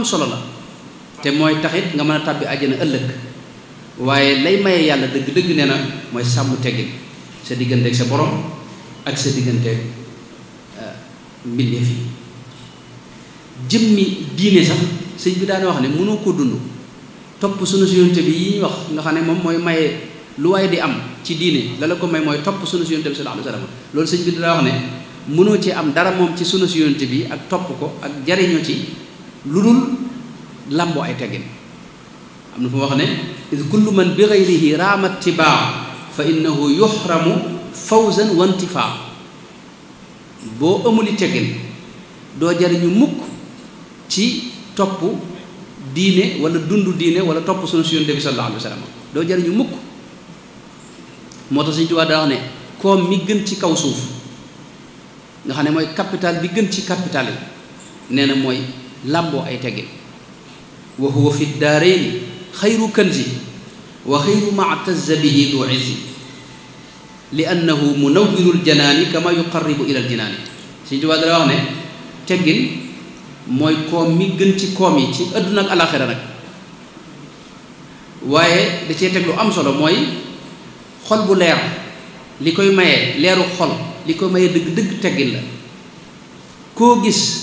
am solo la te mooy taxit nga mën a tàbbi àjjana ëllëg waaye lay maye yàlla dëgg-dëgg nee na mooy sàmm teggin sa digganteeg sa boroom ak sa digganteeg euh, mbindeef yi jëmmi diine sax sëñ bi daana wax ne mënoo ko dund topp sunu si yonte wax nga xam ne moom mooy maye lu waaye di am ci diine la ko may mooy topp sunu si yonte sëñ bi daa wax ci am dara moom ci sunu si yonte bi ak topp ko ak jariñoo ci lu dul làmboo ay teggin am na fu mu wax ne id kullu man bi gayrihi raama tibaa fa innahu yuxramu fawzan wa intifaa boo amuli teggin doo jariñu mukk ci topp diine wala dund diine wala topp sunu si yonent bi sallallahu alayhi wa sallam doo jariñu mukk moo tax Sëñ Tuubaa daa wax ne koom mi gën ci kaw suuf nga xam ne mooy capital bi gën ci capital yi nee na mooy làmboo ay teggin wa huwa fi daarayni xayru kanzi wa xayru maatazza bihi du izzi li annahu munawwirul janaani kama yuqarribu ilal jinaani Sëñ Tuubaa dara wax ne teggin mooy koom mi gën ci koom yi ci àdduna ak alaaxira nag waaye da cee teg lu am solo mooy xol bu leer li koy maye leeru xol li koy maye dëgg dëgg teggin la koo gis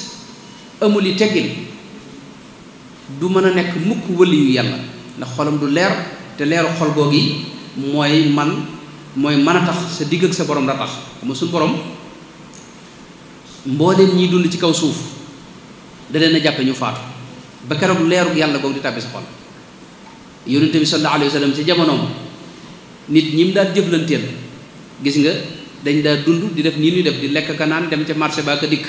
amuli teggin du meuna nek mukk wali yu yalla na xolam du leer te leeru xol googi moy man moy mana tax sa digg ak sa borom da tax mo sun borom mboolem ñiy dund ci kaw suuf da leena japp ñu faatu ba yalla gog di tabbi sa xol yunus bi sallallahu alayhi wasallam ci jamono nit ñim mu jëflanteel gis nga dañ da dund di def ni ñuy def di lek ka dem ci marché ba ka dik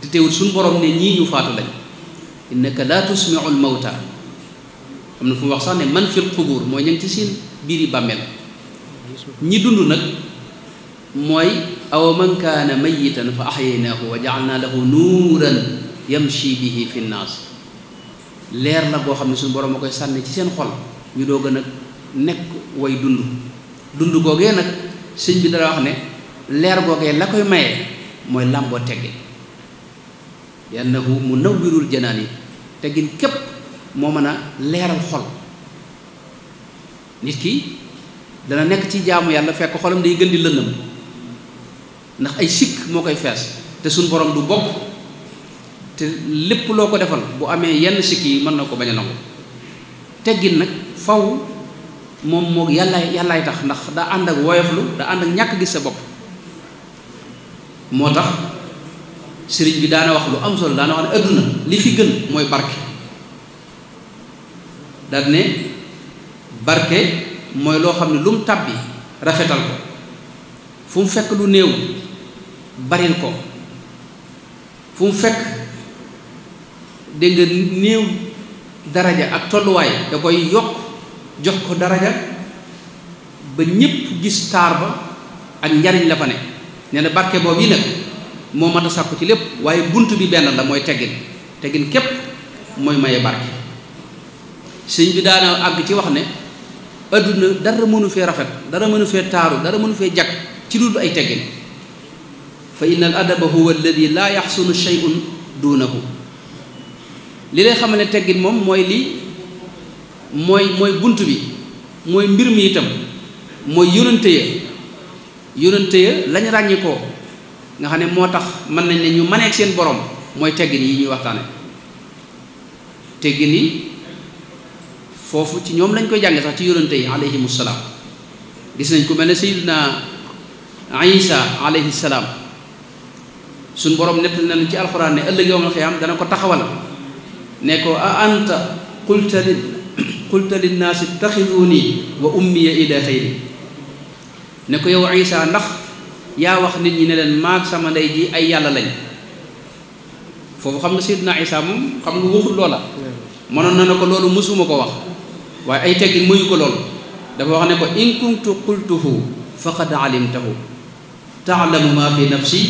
te teewul suñu borom ne ñii ñu faatu lañ innaka laa tusmiu l mawta am na fu mu wax sax ne man fil qubuur mooy ña ngi ci seen biiri bàmmeel ñi dund nag mooy aw man kaana mayitan fa axyaynaahu wa jaalnaa lahu nuuran yamshi bihi fi nnaas leer la boo xam ne suñu borom a koy sànni ci seen xol ñu gën a nag nekk way dund dund googee nag sëñ bi dara wax ne leer googee la koy maye mooy làmboo tegge yannahu munawwirul janani te gin kep mo meuna leral xol nit ki dana nek ci jaamu yalla fekk xolam day gëndi di ndax ay sik mo koy fess te sun borom du bok te lepp loko defal bu amé yenn sik yi mën nako baña nangu te gin nak faw mom mo yalla yalla tax ndax da and ak lu da and ak ñak gi sa bok motax sëriñ bi daana wax lu am solo daana wax ne adduna li fi gën mooy barke daal ne barke mooy loo xam ne lu mu tàbbi rafetal ko fu mu fekk lu néew baril ko fu mu fekk dégg néew daraja ak tolluwaay da koy yokk jox ko daraja ba ñépp gis taar ba ak njariñ la fa ne nee na barke boobu yi nag moo mat a sàkku ci lépp waaye bunt bi benn la mooy teggin teggin képp mooy maye barke sëñ bi daana àgg ci wax ne adduna dara mënu fee rafet dara mënu fee taaru dara mënu fee jag ci dul ay teggin fa inna al adaba huwa alladi laa yaxsunu shay'un duunahu li lay xamal ne teggin moom mooy lii mooy mooy bunt bi mooy mbir mi itam mooy yónante ya yónante ya lañ ràññikoo nga xam motax man nañ ne ñu mané maneeg seen borom moy teggini yi ñuy waxtane teggini fofu ci ñom lañ koy jànge sax ci yoonte yi alayhi musallam gis nañ ku melni sayyidina aisha alayhi salam suñ borom nett na ci alquran ne ëllëg yowmal xiyaam dana ko taxawal ne ko a anta qulta li qulta nas ittakhiduni wa ummiya ilaahayni ne ko yow isa ndax yaa wax nit ñi ne leen maa sama ndey ji ay yàlla lañ foofu xam nga Seydina Isa moom xam nga waxul loola mënoon na ne ko loolu mësuma ko wax waaye ay teggin mayu ko loolu dafa wax ne ko in kuntu qultuhu faqad alimtahu taalamu ma fi nafsi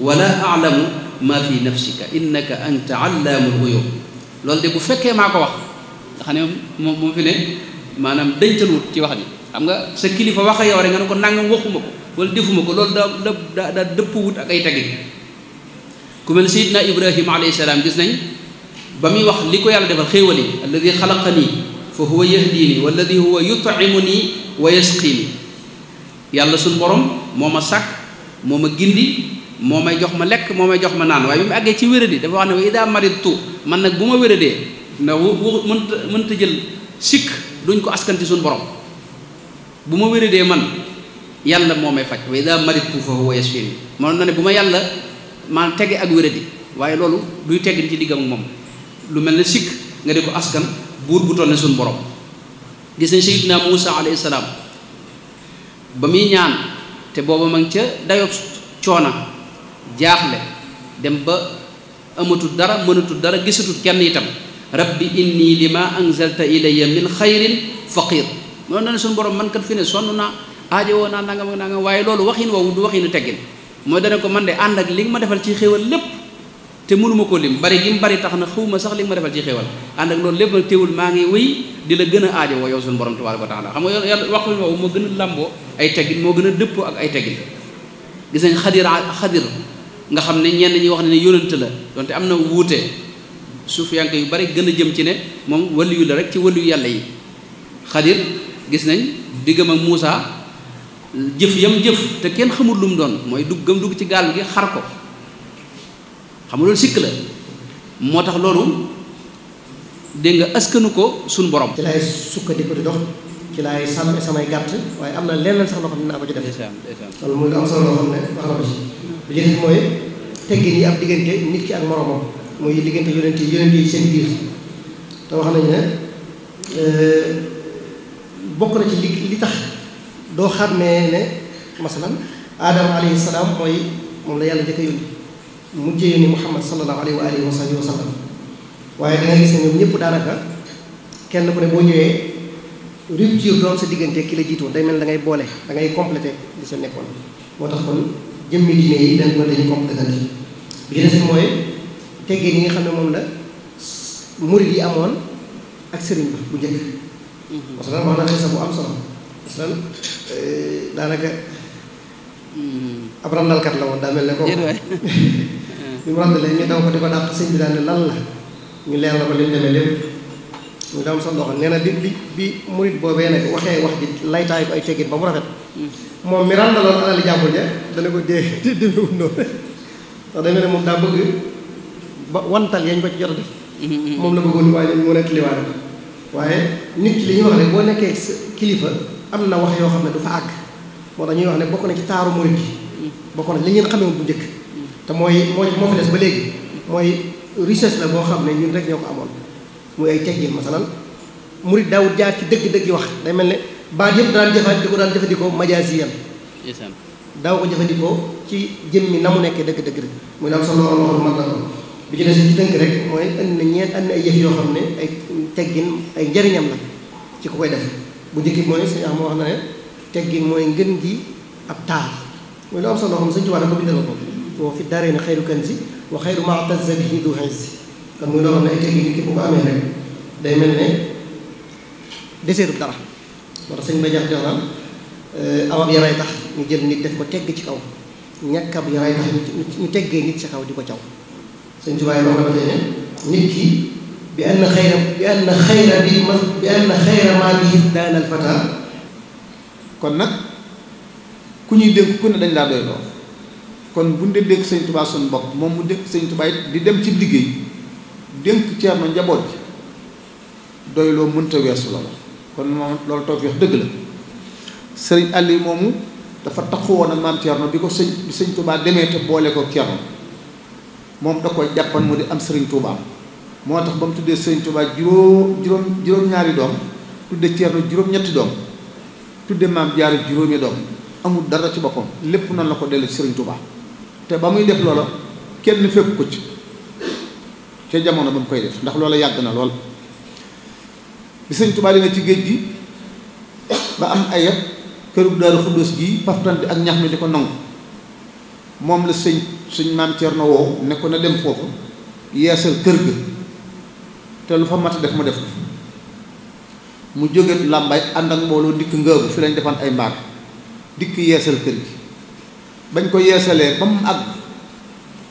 wala alamu ma fi nafsika innaka anta allaamul ghuyub loolu de bu fekkee maa ko wax nga xam moom moom fi ne ci wax ji xam nga sa kilifa waxe yow rek nga ne ko nangam waxuma ko wal defuma ko loolu daa daa daa dëpp wut ak ay tegin ku mel sayidna ibrahima alayhi salaam gis nañ ba muy wax li ko yàlla defal xéewal yi alladi xalaqani fa huwa yahdini walladi huwa yut'imuni wa yasqini yàlla suñ borom moo ma sàkk moo ma gindi moo may jox ma lekk moo may jox ma naan waaye bi mu àggee ci wéradi dafa wax ne wa ida maridtu man nag bu ma wéradee ndax wu mënta mënta jël sikk duñ ko askan ci suñu borom bu ma wéradee man yàlla moo may faj wa ida maritu fa huwa yasfin mënoon na ne bu ma yàlla maa tege ak wéradi waaye loolu duy teggin ci diggam moom lu mel ne sikk nga di ko askan buur bu toll ne suñ borom gis nañ sayidna Muusa alayhi salaam ba muy ñaan te booba ma ngi ca dayob coona jaaxle dem ba amatul dara mënatul dara gisatul kenn itam rabbi inni lima anzalta ilayya min xayrin faqir mënoon na ne suñu borom man kat fi ne sonn naa aajowoo naa nangam ak nangam waaye loolu waxin woowu du waxinu teggin mooy dana ko man de ànd ak li nga ma defal ci xéwal lépp te mënuma ko lim bari gi mu bari tax na xawma sax li nga ma defal ci xéwal ànd ak loolu lépp nag teewul maa ngi wéy di la gën a aajowoo yow suñu borom tabaaraka wa taala xam nga yàlla waxin woowu moo gën a làmboo ay teggin moo gën a dëppoo ak ay teggin gis nañ xadir xadir nga xam ne ñenn ñi wax ne ne yonent la donte am na wuute suufiyanke yu bari gën a jëm ci ne moom waliyu la rek ci waliyu yàlla yi xadir gis nañ diggam ak Muusa jëf yam jëf te kenn xamul lu mu doon mooy dugg gëm dugg ci gaal gi xar ko xam nga loolu sikk la moo tax loolu dégg nga askanu ko suñu borom. ci laay sukkandiku di dox ci laay sàmm samay gàtt waaye am na leneen sax loo xam ne naa ko ci def. incha allah loolu muy am solo loo xam ne na mooy teggin yi ab nit ki ak moromam muy diggante yonent yi yonent yi seen biir te wax nañu ne euh, bokk na ci li li tax. doo xam ne masalan aadama alayhi salaam mooy moom la yàlla njëkk a yónni mujjee yónni muhammad sallallahu alayhi wa alihi wa sahbihi waaye danga gis ne ñëpp daanaka kenn ku ne boo ñëwee rupture doon sa diggante ki la jiitoon day mel da ngay boole da ngay complété li sa nekkoon moo tax kon jëmmi diine yi dañ ko dañu complété bi des mooy teggee yi nga xam ne moom la murid yi amoon ak sëriñ ba bu njëkk parce mm-hmm. que wax na bu am solo lan daanaka ab randalkat la woon daa mel ne ko mu ràndalee ñu daw ko di ko dàq sëñ bi la ñu leer la ko li mu demee lépp ñu daam loxo nee na bi bi bi murit boobee nag waxee wax ji laytaay ko ay teggit ba mu rafet mm. moom mi ràndaloon alali jàmbur ja dana ko dee demewul noonu ndax demee moom daa bëgg ba wantal yañ ko ci jot a def mm-hmm. moom la bëggoon waaye ñu mën a tiliwaale waaye nit ki li ñuy wax rek boo nekkee kilifa am na wax yoo xam ne du fa àgg moo tax ñuy wax ne bokk na ci taaru murid gi bokk na li ngeen xamee bu njëkk te mooy moo moo fi ba léegi mooy richesse la boo xam ne ñun rek ñoo ko amoon muy ay teggin masalan murid daawut jaar ci dëgg-dëgg yi wax day mel ne baat yëpp daan jëfandikoo daan jëfandikoo majaasiyan daaw ko jëfandikoo ci jëmmi na mu nekkee dëgg-dëgg rek muy solo loolu man mooy indi na ñeent indi na ay yëf yoo xam ne ay teggin ay njëriñam la ci ko koy def bu njëkk bi mooy sëñ am wax na ne teggin mooy ngën gi ab taar mooy lu am solo xam sëñ Tuubaa da ko bindal fi daree ne xayru si wa ma tazza bihi du xëy si kon muy loo xam ne day mel ne deseetu dara moo sëñ Ba Jaxate wax tax ñu jël nit def ko tegg ci kaw ñàkk ab yaray tax ci kaw di ko caw بأن خير بأن خير بأن خير ما به دان الفتى كون نك كوني دك كون دا لا دوي لو كون بوند دك سيغ توبا سون بوك موم مو دك سيغ توبا دي ديم سي ديغي دنك تيرنا نجابوت دوي لو مونتا ويس لو كون موم لول توك يخ دغ لا سيغ علي موم دافا تاخو ونا مام تيرنا بيكو سيغ سيغ توبا ديمي تا بوليكو تيرنا موم داكو جابان ام سيغ توبا moo tax ba mu tuddee sëñ Tuubaa juróom juróom juróom-ñaari doom tudde Ceerno juróom-ñetti doom tudde Maam Jaara juróomi doom amul dara ci boppam lépp noonu la ko dellu sëriñ Tuubaa te ba muy def loola kenn fekk ko ci ca jamono ba mu koy def ndax loola yàgg na lool bi sëñ Tuubaa dina ci géej gi ba am ayat at kërug Daaru Xuddoos gi paftan bi ak ñax mi di ko nangu moom la sëñ sëñ maam Ceerno woow ne ko na dem foofu yeesal kër ga te lu fa mat def mu def mu jóge làmbaay ànd ak mbooloo dikk ngëbu fi lañ defan ay mbaar dikk yeesal kër gi bañ ko yeesalee ba mu àgg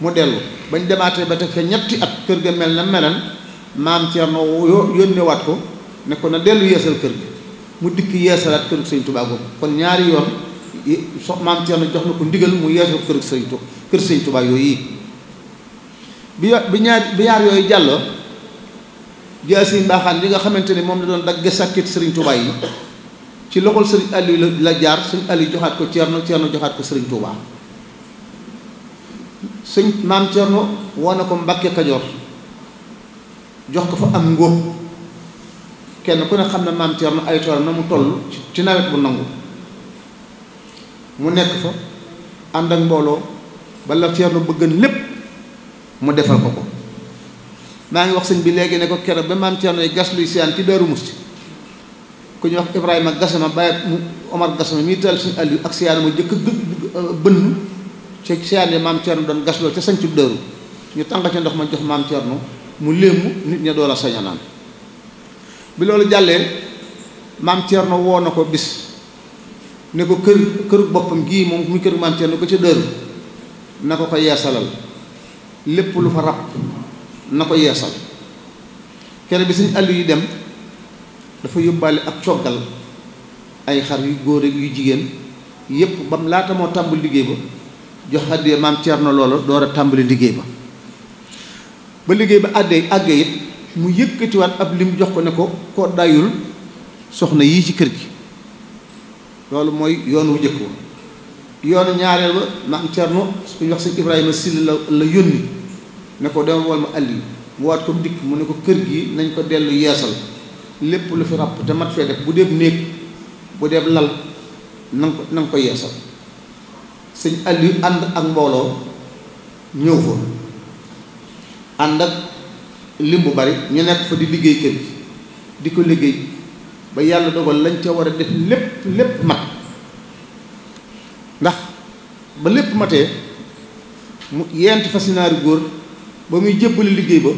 mu dellu bañ demaatee ba te fa ñetti at kër ga mel na melan maam Cerno yónnewaat ko ne ko na dellu yeesal kër gi mu dikk yeesalaat kër sëñ Tuubaa boobu kon ñaari yoon so maam Cerno jox na ko ndigal mu yeesal kër sëñ Tuubaa kër sëñ yooyu yi bi bi ñaar bi ñaar yooyu jàlloo jaasi mbaaxaan yi nga xamante ni moom la doon dagge sàkkit sëriñ Touba yi ci loxol sëriñ Aliou la jaar àll yi joxaat ko Thierno Thierno joxaat ko sëriñ Touba sëñ maam Thierno woo na ko mbakke Kajoor jox ko fa am ngóob kenn ku ne xam ne maam Thierno ay tool na mu toll ci nawet bu nangu mu nekk fa ànd ak mbooloo bala Thierno bëggan lépp mu defal ko ko maa ngi wax señ bi léegi ne ko kéro ba ci Thierno gas luy sian ci Daaru Musti ku ñu wax Ibrahima Gassama bàyyi mu Omar gasama mi tal señ ali ak siyaan ma jëkk bënn ci siyaan yi ya maam Thierno doon ci ca ci Daaru ñu tanga ci ndox ma jox maam Thierno mu lemm nit ñi do la sañ naan bi lolu jalle mam Thierno wono ko bis ne ko kër kër bopam gi moom mu kër maam Thierno ko ci Daaru na ko yeesalal lepp lu fa rap na ko yeesal kere bi suñ àll yu dem dafa yóbbaale ab coggal ay xar yu góor yu jigéen yépp bam laata moo tàmbali liggéey ba jox àddee maam na loola door a tàmbali liggéey ba ba liggéey ba àddee àggee it mu yëkkatiwaat ab lim jox ko ne ko koo soxna yii ci kër gi loolu mooy yoon wu yoonu ñaareel ba maam Thierno su ñu wax sëñ Ibrahima Sylla la la yónni ne ko dama wol ma àlli mu waat ko dikk mu ne ko kër gi nañ ko dellu yeesal lépp lu fi ràpp te mat fee def bu dee néeg bu dee lal na nga ko na nga ko yeesal sëñ àlli ànd ak mbooloo ñëw fa ànd ak lim bu bari ñu nekk fa di liggéey kër gi di ko liggéey ba yàlla dogal lañ ca war a def lépp lépp mat ndax ba lépp matee mu yent fasinaari góor ba muy jébbali liggéey ba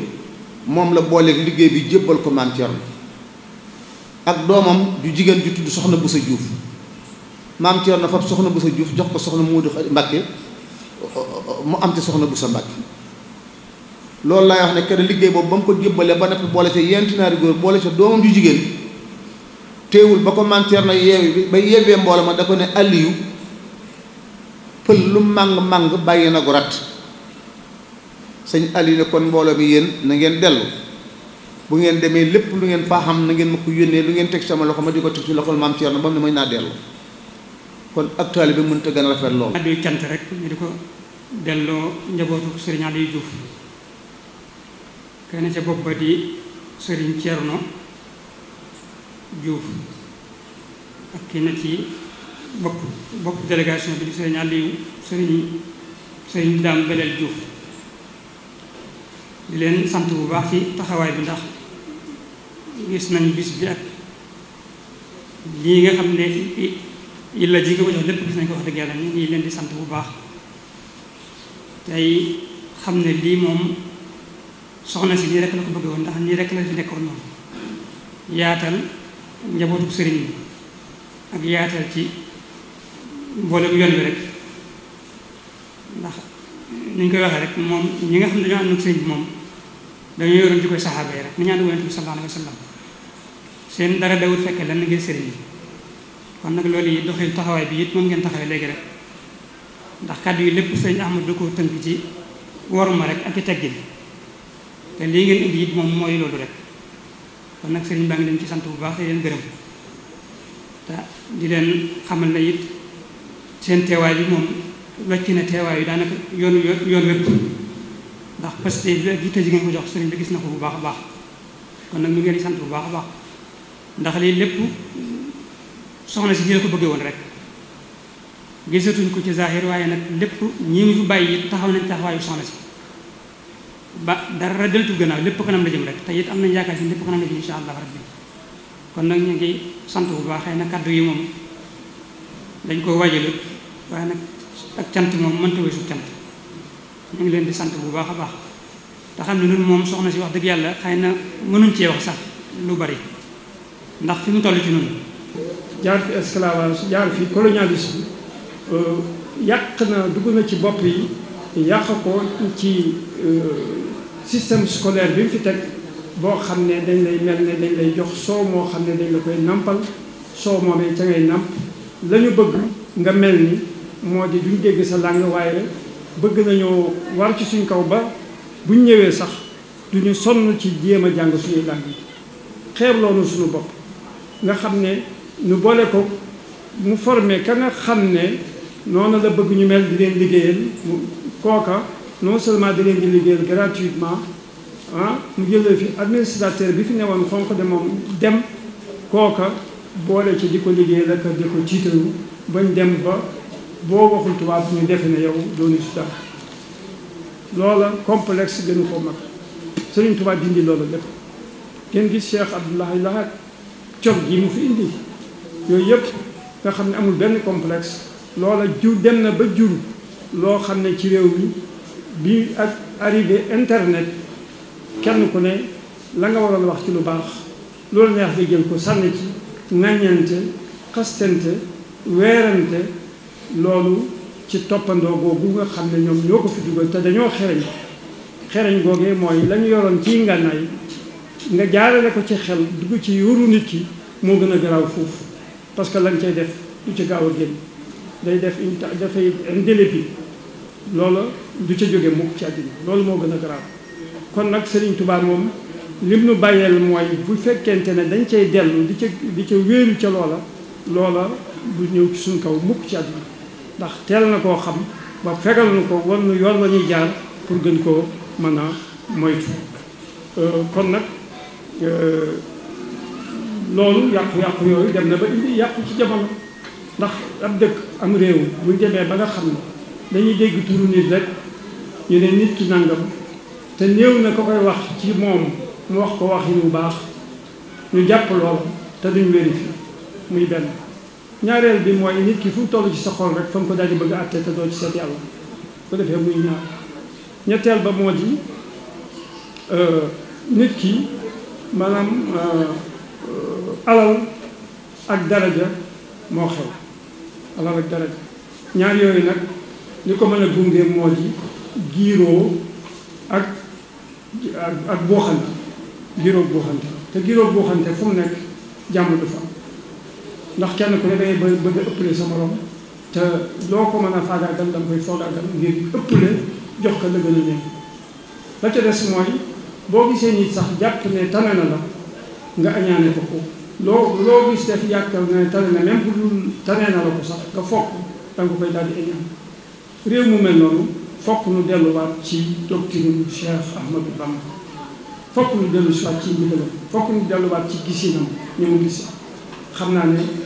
moom la booleek liggéey bi jébbal ko maam Thierno ak doomam ju jigéen ju tudd soxna bu Boussa Diouf maam na fab soxna bu sa juuf jox ko soxna mu Modou Mbacke mu am ci soxna bu sa Mbacke loolu laay wax ne kenn liggéey boobu ba mu ko jébbalee ba nekk boole ca yenti naari góor boole ca doomam ju jigéen téewul ba ko maam Thierno yeewi ba yeewee mboole ma da ko ne Aliou pël lu màng màng bàyyi na ko rat señ ali ne kon mbolo mi yeen na ngeen delu bu ngeen demee lepp lu ngeen fa xam na ngeen mako yone lu ngeen tek sama loxo ma di tek ci loxol mam Thierno ba mu ne may na delu kon ak taalibe bi mënut a gën rafet lool. adu cant rek ñu diko delo delloo njabootu sëriñ Aliou Diouf kene ci bop ba di serigne cierno Diouf ak kene ci bopp bopp delegation bi serigne ali serigne serigne dam Dame Belel Diouf. di leen sant bu baax ci taxawaay bi ndax gis nañ bis bi ak lii nga xam ne illa la nga ko jox lépp gis nañ ko wax dëgg yàlla ñu ngi leen di sant bu baax tey xam ne lii moom soxna si nii rek la ko bëgg woon ndax nii rek la fi nekkoon moom yaatal njabootu sëriñ bi ak yaatal ci mboolem yoon bi rek ndax ni koy waxee rek moom ñi nga xam ne dañoo ànd ak sëriñ bi moom dañoo yoroon jikkoy saxaaba yi rek ni ñaan yonent bi sallallahu alayhi seen dara dawul fekkee lan ngeen sëriñ yi kon nag loolu yi doxil taxawaay bi it moom ngeen taxawee léegi rek ndax kàddu yi lépp sëñ Ahmad da ko tënk ci ma rek ak i teggin te lii ngeen indi it moom mooy loolu rek kon nag sëriñ baa ngi leen ci sant bu baax te leen gërëm te di leen xamal na it seen teewaay bi moom wecc na teewaay yi daanaka yoonu yoon wépp ndax pëste bi ak yitte ji ngeen ko jox sëriñ bi gis na ko bu baax a baax kon nag ñu ngeen di sant bu baax a baax ndax lii lépp soxna si nii la ko bëggee woon rek gisatuñ ko ci zahir waaye nag lépp ñi mu fi bàyyi taxaw nañ taxawaayu soxna si ba dara deltu gannaaw lépp kanam la jëm rek te it am nañ yaakaar si lépp kanam la jëm insha allah bi kon nag ñu ngi sant bu baax xay na kàddu yi moom dañ koo waajalu waaye nag ak cant moom mënta weesu cant mu ngi leen di sant bu baax a baax te xam ne ñun moom soxna si wax dëgg yàlla xay na mënuñ cee wax sax lu bari ndax fi mu toll ci noonu. jaar fi esclavage jaar fi colonialisme euh, yàq na dugg na ci bopp yi yàq ko ci euh, système scolaire bi mu fi teg boo xam ne dañ lay mel ne dañ lay jox soow moo xam ne dañ la koy nàmpal soow moomee ca ngay namp la ñu bëgg nga mel ni moo di duñ dégg sa làng waaye bëgg nañoo war ci suñ kaw ba buñ ñëwee sax duñu sonn ci jéem a jàng suñu làng yi xeeb loolu suñu bopp nga xam ne ñu boole ko mu formé ka nga xam ne noonu la bëgg ñu mel di leen liggéeyal kooka non seulement di leen di liggéeyal gratuitement ah mu jëlee fi administrateur bi fi newoon xonq de dem kooka boole ci di ko liggéeyal ak di ko tiitaru bañ dem ba boo waxul tubaab ñu defe ne yow doo nit dara loola complexe gënu ko mag Sëriñ Tuubaa dindi loola lépp ngeen gis Cheikh la Lahad cor gi mu fi indi yooyu yëpp nga xam ne amul benn complexe loola ju dem na ba jur loo xam ne ci réew mi bi ak arrivé internet kenn ku ne la nga waroon wax ci lu baax loolu neex nga jël ko sànni ci ŋàññante xastante weerante lolu ci topando gogou nga xamne ñom ñoko fi duggal te dañoo xereñ xereñ goge moy la yoron yoroon ci ngànnaay nga jaarale ko ci xel dugg ci yoru nit ki mo gëna graw fuf parce que lañ cey def du ci gaaw a day def une dafay indélébi lolu du ci jóge mu ci àddina lolu mo gëna graw kon nak Serigne Touba mom limnu bayel moy bu fekente ne dañ cey delu di ci di ci wëru ci loola loola du ñëw ci suñ kaw mukk ci àddina ndax teel na koo xam ba fegal nu ko wan yoon la ñuy jaar pour gën koo mën a moytu euh, kon nag euh, loolu yàqu-yàqu yooyu dem na ba indi yàqu ci jamono ndax ab dëkk am réew bu ñu demee ba nga xam ne dañuy dégg turu nit rek ñu ne nit ki nangam te néew na ko koy wax ci moom mu wax ko wax yi bu baax ñu jàpp loolu te duñ vérifié muy benn ñaareel bi mooy nit ki fu mu toll ci sa xol rek fa mu ko daal di bëgg a àtte te doo ci seet yàlla bu defee muy ñaar ñetteel ba moo di euh, nit ki maanaam euh, alal ak daraja moo xew alal ak daraja ñaar yooyu nag li ko mën a gunge moo di giiroo ak ak ak booxante giiroo booxante te giiroo booxante fu mu nekk jàmm du fa ndax kenn ku ne dangay bëgg bëgg a ëppale sa te loo ko mën a faagaagal da nga koy foogaagal ngir ëppale jox ko la gën a nekk la ca des mooy boo gisee nit sax jàpp ne tane na la nga añaane ko ko loo loo gis def yàkkal ne tane na même bu dul tane na la ko sax nga fokk da nga koy daal di añaan réew mu mel noonu fokk nu delluwaat ci doctrine Cheikh Ahmadou Bamba fokk nu delluwaat fokk nu delluwaat ci gisinam ñu mu gis xam naa ne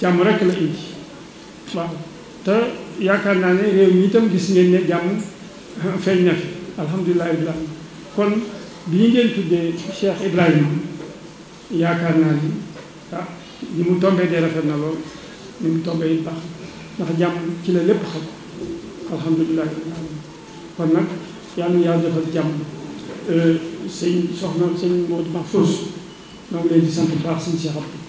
jàmm rek la indi waaw te yaakaar naa ne réew mi itam gis ngeen ne jàmm feeñ na fi alhamdulilah ibrahim kon bi ñu ngeen tuddee Cheikh Ibrahima yaakaar naa ni ah ni mu tombee dee rafet na lool ni mu tombee it ndax jàmm ci la lépp xam alhamdulilah ibrahim kon nag yàlla yàlla defal jàmm euh, sëñ soxna sëñ Modou Mahfouz maa ngi leen di sant bu baax sëñ Cheikh Abdou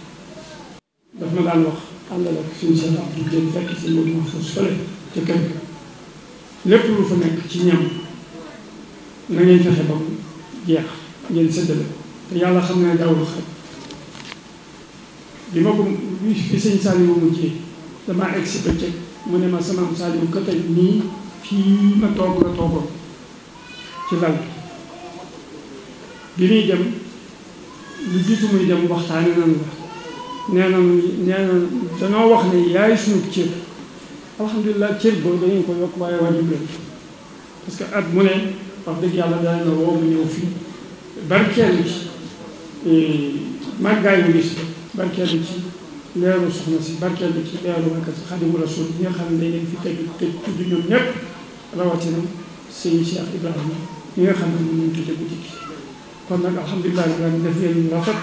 daf ma daan wax àndal ak suñu seet ak bu jëm fekk si moom wax suuf fële ca kër ga lépp lu fa nekk ci ñam na ngeen fexe ba mu jeex ngeen séddale te yàlla xam ne dawul xaj bi ma ko fi sëñ Saliou mujjee damaa egg si bëccëg mu ne ma sama am Saliou ka tey nii fii ma toog la toogoon ci lal bi bi muy dem lu jiitu muy dem waxtaane nan la nee na nee na danoo wax ne yaay suñu cër alhamdulilah cër boobu dañu ko yokk waaye wàññi leen parce que at mu ne wax dëgg yàlla daañu la woo mu ñëw fii barkeelu ci màggaayu gis barkeelu ci leeru soxna si barkeelu ci leeru ak xadimu rasul yi nga xam ne dañ leen fi teg teg tudd ñoom ñëpp rawatina sëñ Cheikh Ibrahima ñi nga xam ne ñu ngi tuddee guddi gi kon nag alhamdulilah def leen rafet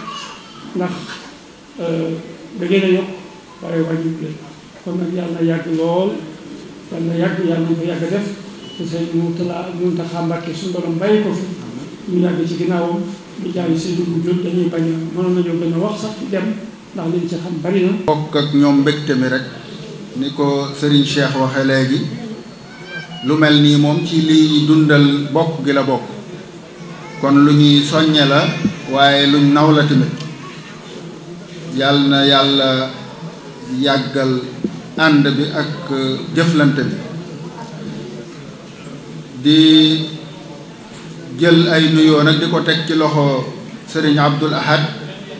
ndax. Euh, da ngeen a yokk waaye wàññiwul leen kon nag yàlla yàgg lool yàlla yàgg yàlla na ko yàgg def te sëñ Mountakha Mountakha Mbacké suñu borom bàyyi ko fi ñu yàgg ci ginnaawam di jaay sëñ bu jub dañuy bañ a mënoon nañoo gën wax sax ci dem ndax liñ ci xam bari na. bokk ak ñoom mbégte mi rek ni ko Serigne Cheikh waxee léegi lu mel nii moom ci liy dundal bokk gi la bokk kon lu ñuy soññe la waaye luñ naw la yàll na yàlla yàggal ànd bi ak uh, jëflante bi di jël ay nuyoo di ko teg ci loxo sëriñ Abdul Ahad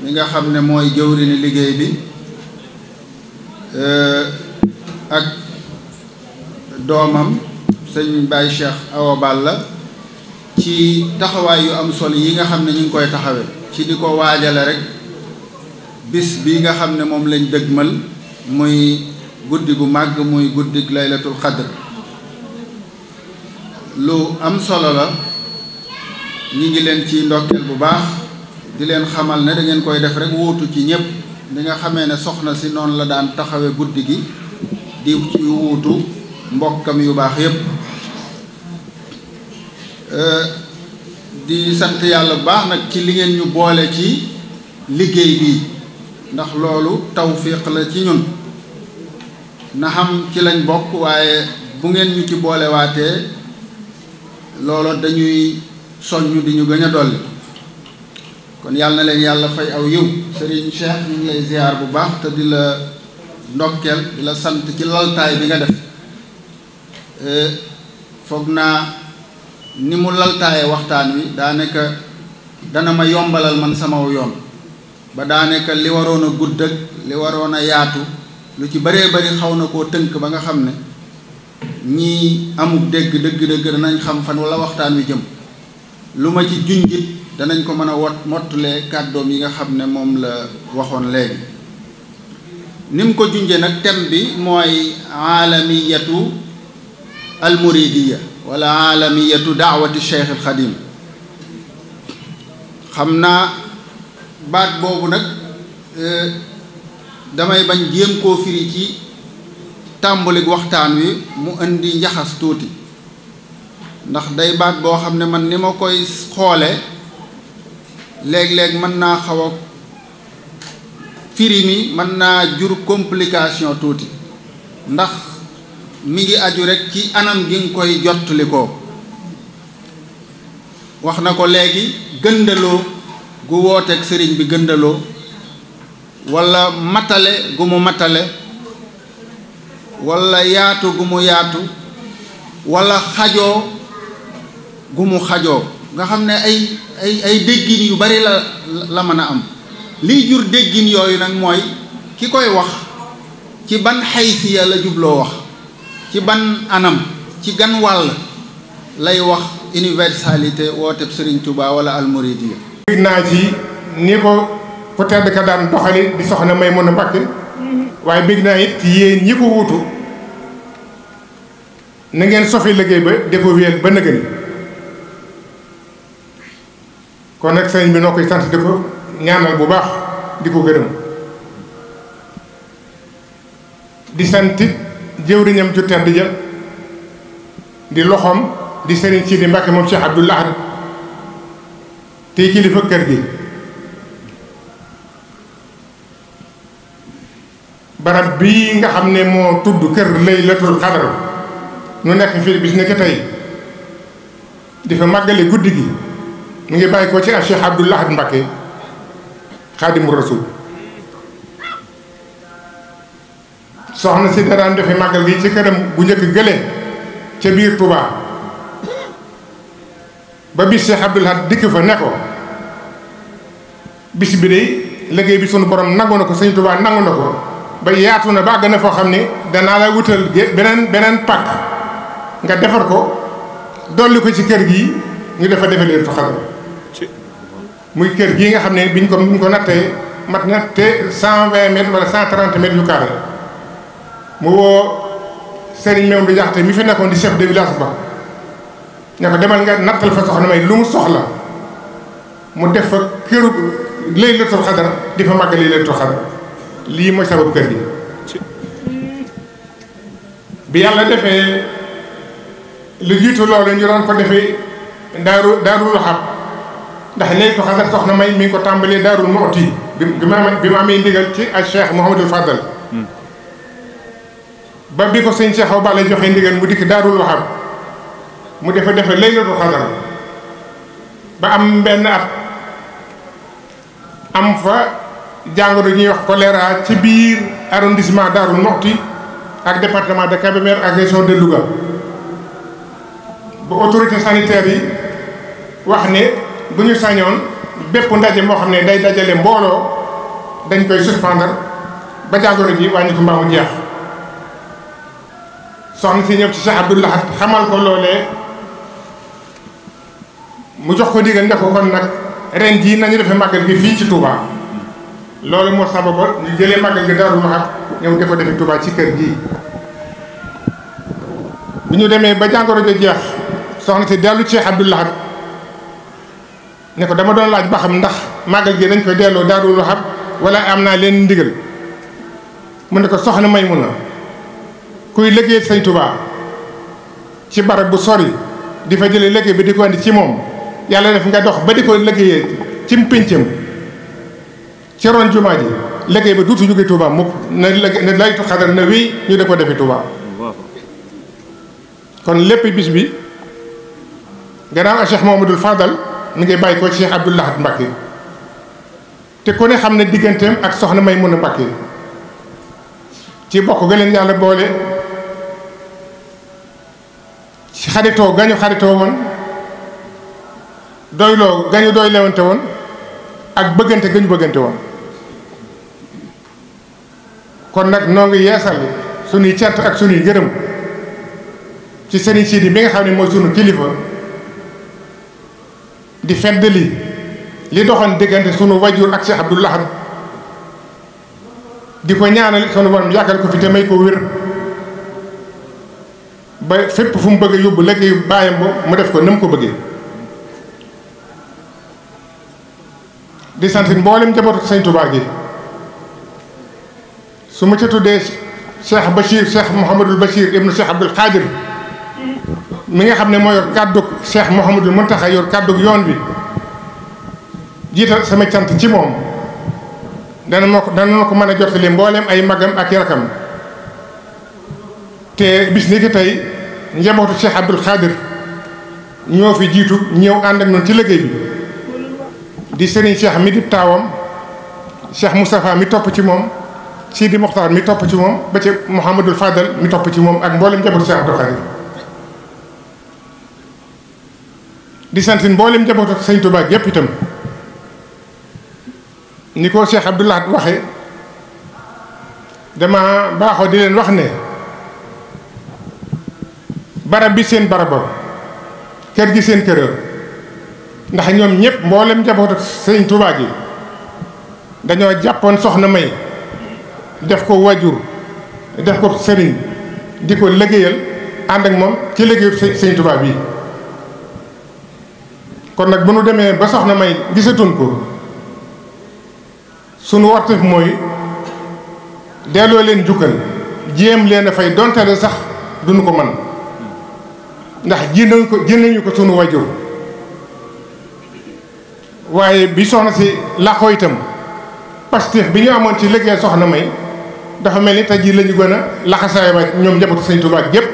mi nga xam ne mooy jëwriñu liggéey bi uh, ak doomam sëñ Baye Cheikh Awa la ci taxawaay yu am solo yi nga xam ne ñu ngi koy taxawee ci di ko waajale rek bis bi nga xam ne moom lañ dëgmal muy guddi gu màgg muy guddi laylatul xadr lu am solo la ñu ngi leen ci ndokkeel bu baax di leen xamal ne dangeen koy def rek wuutu ci ñëpp li nga xamee ne soxna si noonu la daan taxawe guddi gi di ci wuutu mbokkam yu baax yépp di sant yàlla bu baax nag ci li ngeen ñu boole ci liggéey bi ndax loolu tawfiq la ci ñun na xam ci lañ bokk waaye bu ngeen ñu ci boolewaatee loolo dañuy soññ di ñu gën a dolli kon yàlla na leen yàlla fay aw yiw sëriñ Cheikh ñu ngi lay ziar bu baax te di la ndokkeel di la sant ci laltaay bi nga def e, foog naa ni mu laltaaye waxtaan wi daanaka dana ma yombalal man sama yoon ba daanaka li waroon a gudd li waroon a yaatu lu ci bëree bari xaw na koo tënk ba nga xam ne ñii amuk dégg dëgg-dëgg danañ xam fan wala waxtaan wi jëm lu ma ci junjit danañ ko mën a wot mottulee kàddoom yi nga xam ne moom la waxoon léegi nim ko junje nag thème bi mooy aalamiyatu almuridiya wala aalamiyatu daawati cheikh alxadim xam naa baat boobu nag e, damay bañ jéem koo firi ci tàmbalik waxtaan wi mu indi njaxas tuuti ndax day baat boo xam ne man ni ma koy xoole léeg-léeg mën naa xaw a firi mi mën naa jur complication tuuti ndax mi ngi aju rek ci anam gi nga koy jottali ko wax na ko léegi gëndaloo gu wooteeg sëriñ bi gëndaloo walla matale gu mu matale walla yaatu gu mu yaatu walla xajoo gu mu xajoo nga xam ne ay ay ay déggin yu bari la la mën a am lii jur déggin yooyu nag mooy ki koy wax ci ban xaysiya la jubloo wax ci ban anam ci gan wàll lay wax universalité wooteb sëriñ Touba wala almuridiya dégg naa ci ni ko ku tedd ka daan doxali di soxna may mën a mbàkke waaye bégg naa it yéen ñi ko wuutu na ngeen sofi liggéey ba di ko ba nëgëni kon nag sëriñ bi noo koy sant di ko ñaanal bu baax di ko gërëm di santit jëwriñam ju tedd ja di loxoom di sëriñ Sidi Mbàkke moom Cheikh Abdoul Ahad tey kilifa kër gi barab bii nga xam ne moo tudd kër laylatul xadar nu nekk fii bi ni ko tey di fa màggale guddi gi mu ngi bàyyi ko ci ak Cheikh Abdou Lahad Mbacké xaadimu rasul soxna si daraan dafa màggal gi ci këram bu njëkk gële ca biir Touba ba bis Cheikh Abdoul Ahad dikk fa ne bis bi day liggéey bi sunu borom nangu na ko sëñ Tuubaa nangu na ko ba yaatu na ba àgg na foo xam ne danaa la wutal beneen beneen pàkk nga defar ko dolli ko ci kër gi ñu dafa defe leen xadara muy kër gii nga xam ne biñ ko biñ ko nattee mat na te cent vingt mètres wala cent trente mètres yu carré mu woo Serigne Mewndo Jaxate mi fi nekkoon di chef de village ba ne demal nga nattal fa soxna may lu mu soxla mu def fa këru laylatul xadar difa magal màgg laylatul xadar lii mooy sababu kër gi bi yàlla defé lu jitu lolé ñu doon ko defee daru daarul xam ndax laytu xadar soxna may mi ko tambalé daarul mooti bi bi ma bi ma amee ndigal ci al cheikh Mouhamadul Fadal ba bi ko seigne Cheikh Awa Balla joxe ndigal mu dikk daarul waxaab mu defe defe laylatul xadar ba am benn at am fa jàngoro ñuy wax choléra ci biir arrondissement Daaru Muxti ak département de Kébémer ak région de Louga ba autorité sanitaire yi wax ni bu ñu sañoon bépp ndaje moo xam ne day dajale mbooloo dañ koy suspendre ba jàngoro ji wàññi ko mbaamu jeex soxna si ñëw ci Cheikh Abdoul xamal ko loolee mu jox ko ndigal ne ko kon nag ren jii nañu defee màggal gi fii ci Touba loolu moo sababoon ñu jëlee màggal gi Daaru Muxti ñëw dafa defi Touba ci kër gii. bu ñu demee ba jàngoro ja jeex soxna si dellu Cheikh Abdou Lahad ne dama doon laaj ba xam ndax màggal gi dañ koy delloo Daaru Muxti wala am naa leen ndigal mu ne ko soxna may mun kuy liggéey Sëñ Touba ci barab bu sori di fa jëlee liggéey bi di ko andi ci moom. yàlla def nga dox ba di ko liggéeyee ci péncam ci ron jumaa ji liggéey ba duutu jóge Touba mukk na liggéey na laytu xadar na wéy ñu di ko defi Touba kon lépp bis bi gannaaw a Cheikh Mouhamadoul Fadal mi ngi bàyyi ko Cheikh Abdoul Ahad Mbacké te ku ne xam ne digganteem ak soxna Maymuna Mbacké ci bokk ga leen yàlla boole ci xaritoo gañu xaritoo woon doyloo gañu doy lewante woon ak bëggante gañu bëggante woon kon nag noo ngi yeesal sunuy cant ak suñuy gërëm ci sëriñ Sidi bi nga xam ne mooy sunu kilifa di feddali li doxoon diggante sunu wajur ak Cheikh Abdou Lahad di ko ñaanal sunu borom yàggal ko fi te may ko wér ba fépp fu mu bëgg yóbbu liggéeyu baayam ba mu def ko na ko bëggee di sant mboolem njabootu sëñ Tuubaa gi su ma ca tuddee Cheikh Bachir Cheikh Mouhamadul Bachir ibnu Cheikh Abdoul Khadir mi nga xam ne moo yor kàddug Cheikh Mouhamadul Muntaxa yor kàddug yoon bi jiital sama cant ci moom dana ma ko dana ma ko mën a jottali mboolem ay magam ak yarakam te bis ni ki tey njabootu Cheikh Abdoul Khadir ñoo fi jiitu ñëw ànd ak noonu ci liggéey bi. di sëriñ Cheikh mi di taawam Cheikh Moustapha mi topp ci moom Sidi Mokhtar mi topp ci moom ba ci Mouhamadul Fadal mi topp ci moom ak mboolem njabootu Cheikh Abdou Khadir di sant mboolem njabootu sëñ Touba yépp itam ni ko Cheikh Abdoulaye waxee dama baaxoo di leen wax ne barab bi seen barabam kër gi seen këram. ndax ñoom ñëpp mboolem njabootu sëñ Tuubaa gi dañoo jàppoon soxna May def ko wajur def ko sëriñ di ko liggéeyal ànd ak moom ci liggéeyu sëñ Tuubaa bi kon nag bu nu demee ba soxna May gisatuñ ko sunu wartef mooy delloo leen jukkal jéem leen a fay donte sax duñu ko mën ndax ji nañu ko ji nañu ko sunu wajur waaye bi soxna si làqoo itam pastéef bi ñu amoon ci liggéey soxna may dafa mel ni tey jii la ñu laxasaay ba ñoom njabootu Sëñ Tuubaa yépp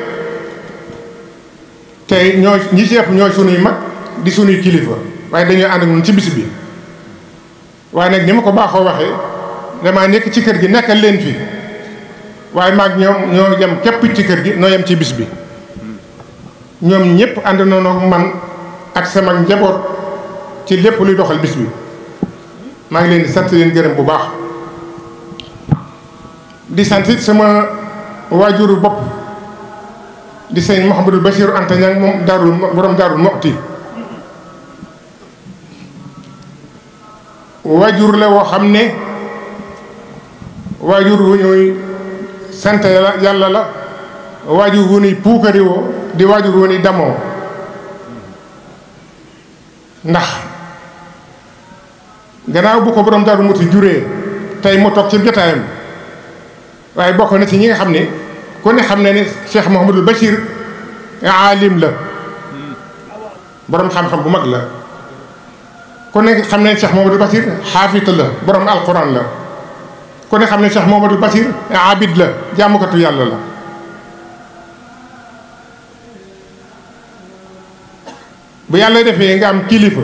te ñoo ñi ci ëpp sunuy mag di sunuy kilifa waaye dañoo ànd ak ci bis bi waaye nag ni ma ko baaxoo waxee damaa nekk ci kër gi nekkal leen fi waaye maag ñoom ñoo yem képp ci kër gi noo yem ci bis bi ñoom ñëpp ànd nañoo man ak sama njaboot ci lépp luy doxal bis bi maa ngi leen di sant leen gërëm bu baax di sant it sama waajuru bopp di sëñ Mouhamadou Bassirou Anta Niang moom daarul borom daarul Muxti waajur la woo xam ne waajur wu ñuy sant yàlla la waajur wu ñuy puukariwoo di waajur wu ñuy damoo ndax gannaaw bu ko borom daru Muti juree tay mo tok ci jotaayam waye bokk na ci ñi nga xamné ko ne xamné ne Cheikh Mouhamadul Bachir aalim la borom xam-xam bu mag la ko ne xamné Cheikh Mouhamadul Bachir xaafit la borom alquran la ko ne xamné Cheikh Mouhamadul Bachir abid la jamm ko tu yàlla la bu yàlla defee nga am kilifa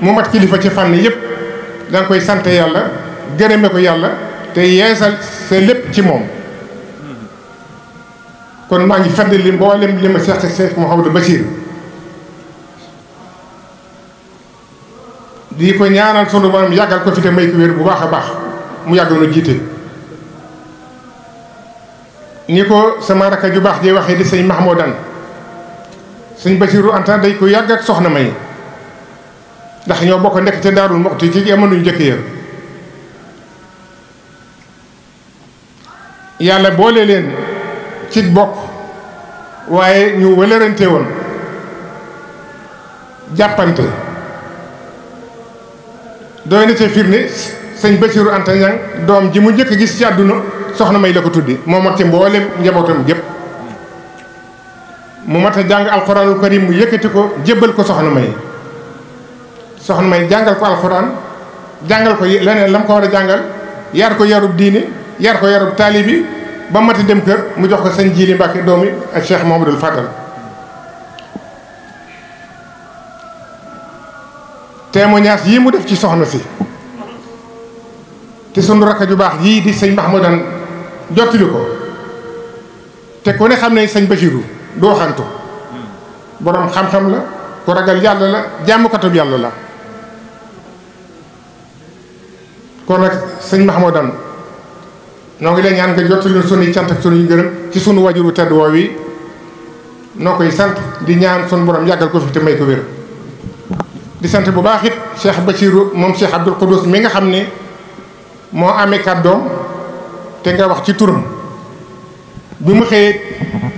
mu mat kilifa ci fànn yépp da koy sant yàlla gërëme ko yàlla te yeesal sa lépp ci moom kon maa ngi fedd li mboolem li ma seex seex Mouhamadou Bachir di ko ñaanal sunu borom yàggal ko fi te may ko wér bu baax a baax mu yàgg na jiite ni ko sama rakka ju baax ji waxee di sëñ Mahmoudan sëñ suñ en tant day ko yàgg ak soxna may ndax ñoo bokk nekk ca daarul moxti ci jamono yu njëkk ya yàlla boole leen ci bokk waaye ñu wëlërante woon jàppante doy na ca firnde sëñ Bassirou Anta Niang doom ji mu njëkk gis ci àdduna soxna may la ko tuddi moo mat ci mboolem njabootam gépp mu mat jàng alxuraanul karim mu yëkkati ko jébbal ko soxna may soxna may jàngal ko alxuraan jàngal ko leneen lam ko war a jàngal yar ko yarub diini yar ko yarub taalibi ba mati dem kër mu jox ko sañ Jili Mbàkke doomi ak Cheikh Mouhamadoul Fadal témoignage yii mu ci soxna si te sunu rakk ju baax yii di sëñ Mahmoudan jottali ko te ku ne xam ne sëñ Bachirou doo xantu hmm. borom xam-xam la ku ragal yàlla la jàmmkatab yàlla la kon nag sëñ Mahmoudan noo ngi lay ñaan nga jottali leen sunuy cant ak sunuy gërëm ci sunu wajuru tedd woow wi noo koy sant di ñaan sunu borom yàggal ko fi te may ko wér di sant bu baaxit it Cheikh Bachirou moom Cheikh Abdoul mi nga xam ne moo amee kàddoom te nga wax ci turam bi mu xëyee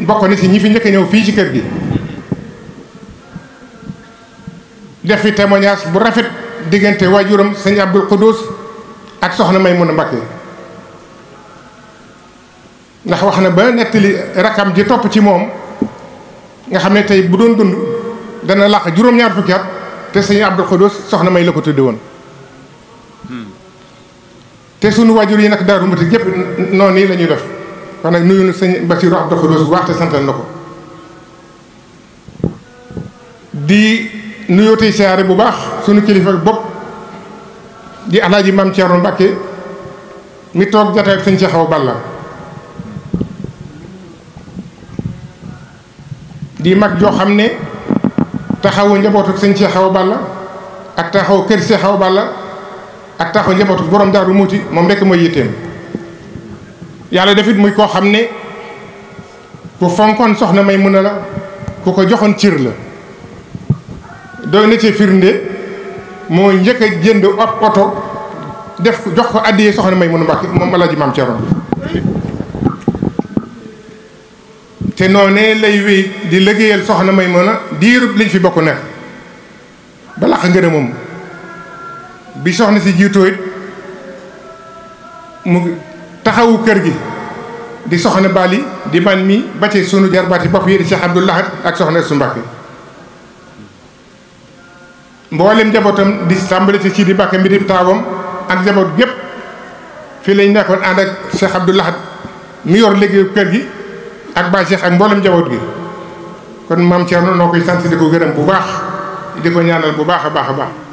bokk na ñi fi njëkk ñëw fii ci kër gi def fi témoignage bu rafet diggante waajuram sëñ Abdoul Khoudous ak soxna Maymuna Mbakke ndax wax na ba nettali rakam ji topp ci moom nga xam ne tey bu doon dund dana làq juróom-ñaar fukki at te sëñ Abdul Xuddus soxna may la ko tudde woon hmm. te sunu waajur yi nag daaru mati ñëpp noonu nii la ñuy def kon nag nuyu na sëñ Basiru Abdul Xuddus te santal na ko di nuyoo tey bu baax sunu kilifa bopp di alaaji maam Thierno Mbacke mi toog jataay sëñ xaw Awa Balla di mag joo xam ne taxawu njabootu sëñ Cheikh Awa Balla ak taxaw kër Cheikh Awa Balla ak taxaw njabootu borom daaru muuti moom rekk mooy yitteem yàlla defit muy koo xam ne ku fonkoon soxna may mën a la ku ko joxoon cir la doy na ci firnde moo njëkk a jënd ab oto def jox ko addiyee soxna may mënu Mbàkke moom Alaaji Maam Cerno te noonee lay wéy di liggéeyal soxna may mën a diirub liñ fi bokk nekk ba làq moom bi soxna si jiitoo it mu taxawu kër gi di soxna baal Bali di man mi ba ci sunu jarbaati bopp yi di Cheikh Abdou Lahad ak soxna su Mbàkke mboolem njabootam di tàmbali ci Sidi Mbàkke mi di taawam ak njaboot gépp fii lañ nekkoon ànd ak Cheikh Abdou Lahad mi yor liggéeyu kër gi ak Baay Cheikh ak mboolem njaboot gi kon maam Thierno noo koy sant di ko gërëm bu baax di ko ñaanal bu baax a baax a baax.